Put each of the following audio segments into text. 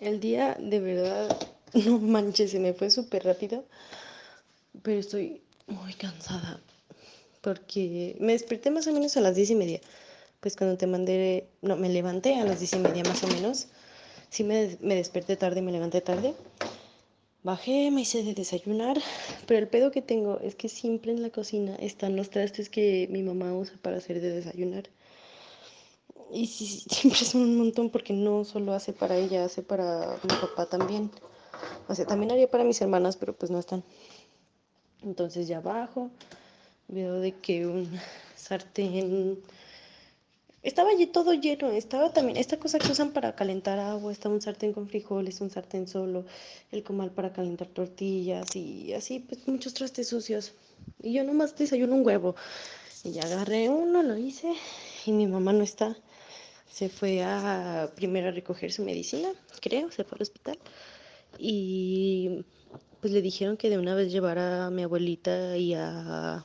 El día de verdad, no manches, se me fue súper rápido, pero estoy muy cansada porque me desperté más o menos a las diez y media. Pues cuando te mandé, no, me levanté a las diez y media más o menos. Sí me, desperté tarde, me levanté tarde. Bajé, me hice de desayunar, pero el pedo que tengo es que siempre en la cocina están los trastes que mi mamá usa para hacer de desayunar. Y sí, siempre es un montón porque no solo hace para ella, hace para mi papá también. O sea, también haría para mis hermanas, pero pues no están. Entonces ya abajo veo de que un sartén... Estaba allí todo lleno, estaba también esta cosa que usan para calentar agua, Está un sartén con frijoles, un sartén solo, el comal para calentar tortillas y así, pues muchos trastes sucios. Y yo nomás desayuno un huevo. Y ya agarré uno, lo hice y mi mamá no está se fue a primero a recoger su medicina, creo, se fue al hospital y pues le dijeron que de una vez llevara a mi abuelita y a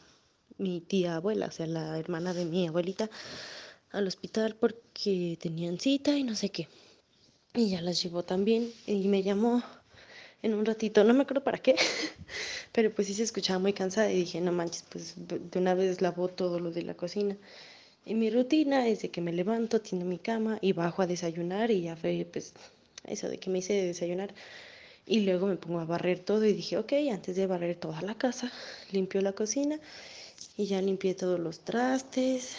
mi tía abuela, o sea, la hermana de mi abuelita, al hospital porque tenían cita y no sé qué. Y ya las llevó también y me llamó en un ratito, no me acuerdo para qué, pero pues sí se escuchaba muy cansada y dije, no manches, pues de una vez lavó todo lo de la cocina. Y mi rutina es de que me levanto, tiendo mi cama y bajo a desayunar y ya fue pues eso de que me hice de desayunar. Y luego me pongo a barrer todo y dije, ok, antes de barrer toda la casa, limpio la cocina y ya limpié todos los trastes,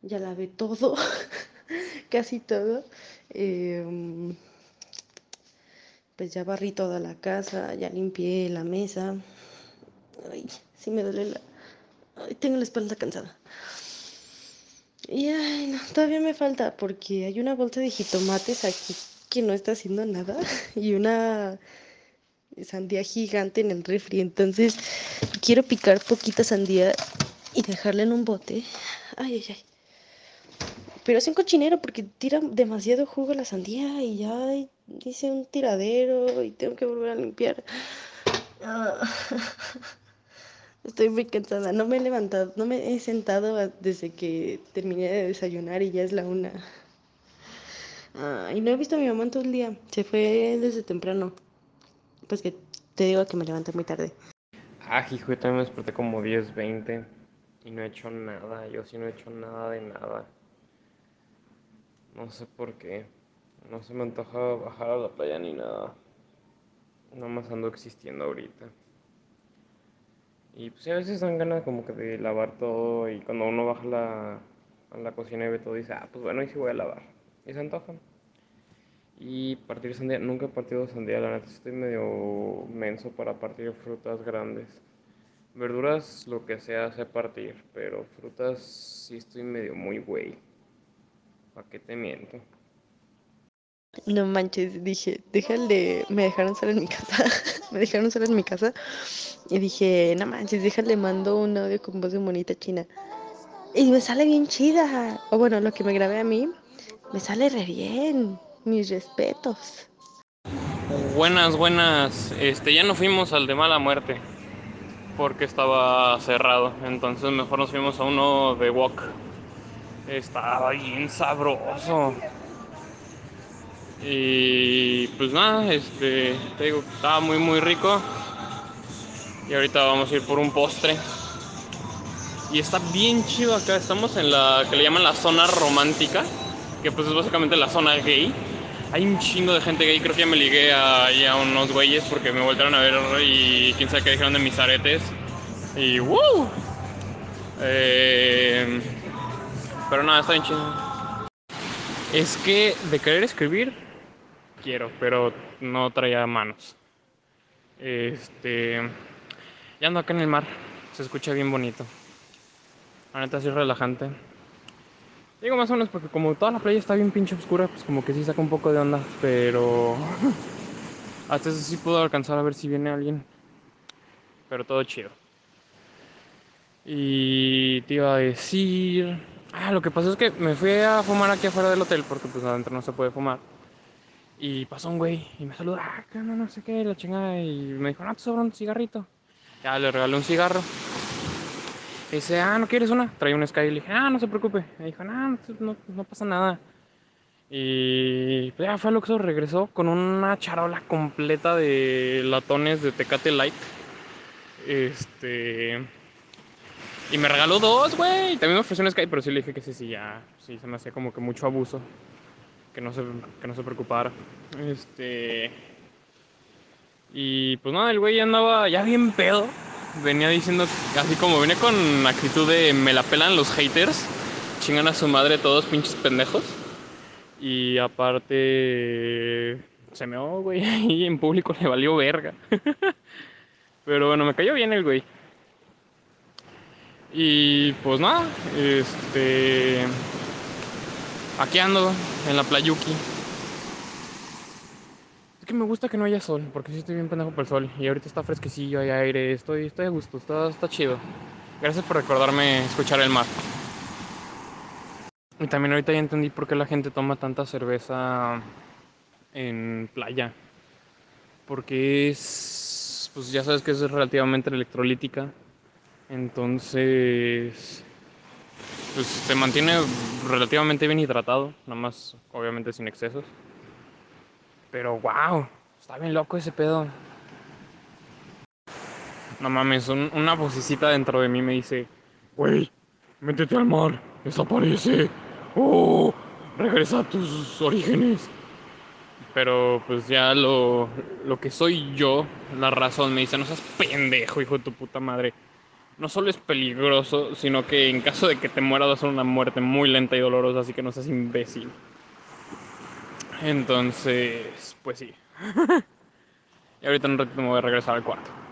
ya lavé todo, casi todo. Em, pues ya barrí toda la casa, ya limpié la mesa. Ay, sí me duele la... Ay, tengo la espalda cansada. Y ay, no, todavía me falta porque hay una bolsa de jitomates aquí que no está haciendo nada y una sandía gigante en el refri. Entonces quiero picar poquita sandía y dejarla en un bote. Ay, ay, ay. Pero es un cochinero porque tira demasiado jugo la sandía y ya hice un tiradero y tengo que volver a limpiar. Ah. Estoy muy cansada, no me he levantado, no me he sentado desde que terminé de desayunar y ya es la una. Y no he visto a mi mamá en todo el día, se fue desde temprano. Pues que te digo que me levanté muy tarde. Ah, hijo, también me desperté como 10, 20 y no he hecho nada, yo sí no he hecho nada de nada. No sé por qué, no se me antoja bajar a la playa ni nada. Nada más ando existiendo ahorita. Y pues a veces dan ganas como que de lavar todo y cuando uno baja la, a la cocina y ve todo dice, ah, pues bueno, y sí voy a lavar. Y se antoja. Y partir sandía, nunca he partido sandía, la neta estoy medio menso para partir frutas grandes. Verduras, lo que sea, sé partir, pero frutas sí estoy medio muy güey. ¿Para qué te miento? No manches, dije, déjale, me dejaron solo en mi casa, me dejaron salir en mi casa y dije, no manches, déjale, mando un audio con voz de monita china. Y me sale bien chida, o bueno, lo que me grabé a mí, me sale re bien, mis respetos. Buenas, buenas, este, ya no fuimos al de mala muerte, porque estaba cerrado, entonces mejor nos fuimos a uno de Wok. Estaba bien sabroso. Y pues nada, este, te digo, estaba muy muy rico. Y ahorita vamos a ir por un postre. Y está bien chido acá, estamos en la que le llaman la zona romántica, que pues es básicamente la zona gay. Hay un chingo de gente gay, creo que ya me ligué a, a unos güeyes porque me voltaron a ver y quién sabe qué dijeron de mis aretes. Y wow. Em, pero nada, está bien chido. Es que de querer escribir quiero, pero no traía manos. Este. ya ando acá en el mar, se escucha bien bonito. La neta, sí relajante. Digo más o menos porque, como toda la playa está bien pinche oscura, pues como que sí saca un poco de onda, pero. Hasta eso sí puedo alcanzar a ver si viene alguien. Pero todo chido. Y te iba a decir. Ah, lo que pasó es que me fui a fumar aquí afuera del hotel porque pues adentro no se puede fumar. Y pasó un güey y me saludó, ah, no, no sé qué, la chingada. Y me dijo, no, te sobra un cigarrito. Ya le regalé un cigarro. dice, ah, ¿no quieres una? Trae un Sky y le dije, ah, no se preocupe. Me dijo, no, no, pasa nada. Y pues ya fue al Oxxo, regresó con una charola completa de latones de Tecate Light. Este... Y me regaló dos, güey. También me ofreció un Sky, pero sí le dije que sí, sí, ya. Sí, se me hacía como que mucho abuso que no se, que preocupara. Este. Y pues nada, el güey andaba ya bien pedo. Venía diciendo, así como venía con actitud de me la pelan los haters, chingan a su madre todos pinches pendejos. Y aparte se me güey, y en público le valió verga. Pero bueno, me cayó bien el güey. Y pues nada, este Aquí ando, en la playuki. Es que me gusta que no haya sol, porque si estoy bien pendejo por el sol. Y ahorita está fresquecillo, hay aire, estoy, estoy a gusto, está, está chido. Gracias por recordarme escuchar el mar. Y también ahorita ya entendí por qué la gente toma tanta cerveza en playa. Porque es, pues ya sabes que es relativamente electrolítica. Entonces, pues, se mantiene relativamente bien hidratado, nada más obviamente sin excesos. Pero wow, está bien loco ese pedo. No mames, una vocecita dentro de mí me dice, wey, métete al mar, desaparece, oh, regresa a tus orígenes. Pero pues ya lo, lo que soy yo, la razón me dice, no seas pendejo, hijo de tu puta madre no solo es peligroso, sino que en caso de que te muera va a ser una muerte muy lenta y dolorosa, así que no seas imbécil. Entonces, pues sí. y ahorita en un rato me voy a regresar al cuarto.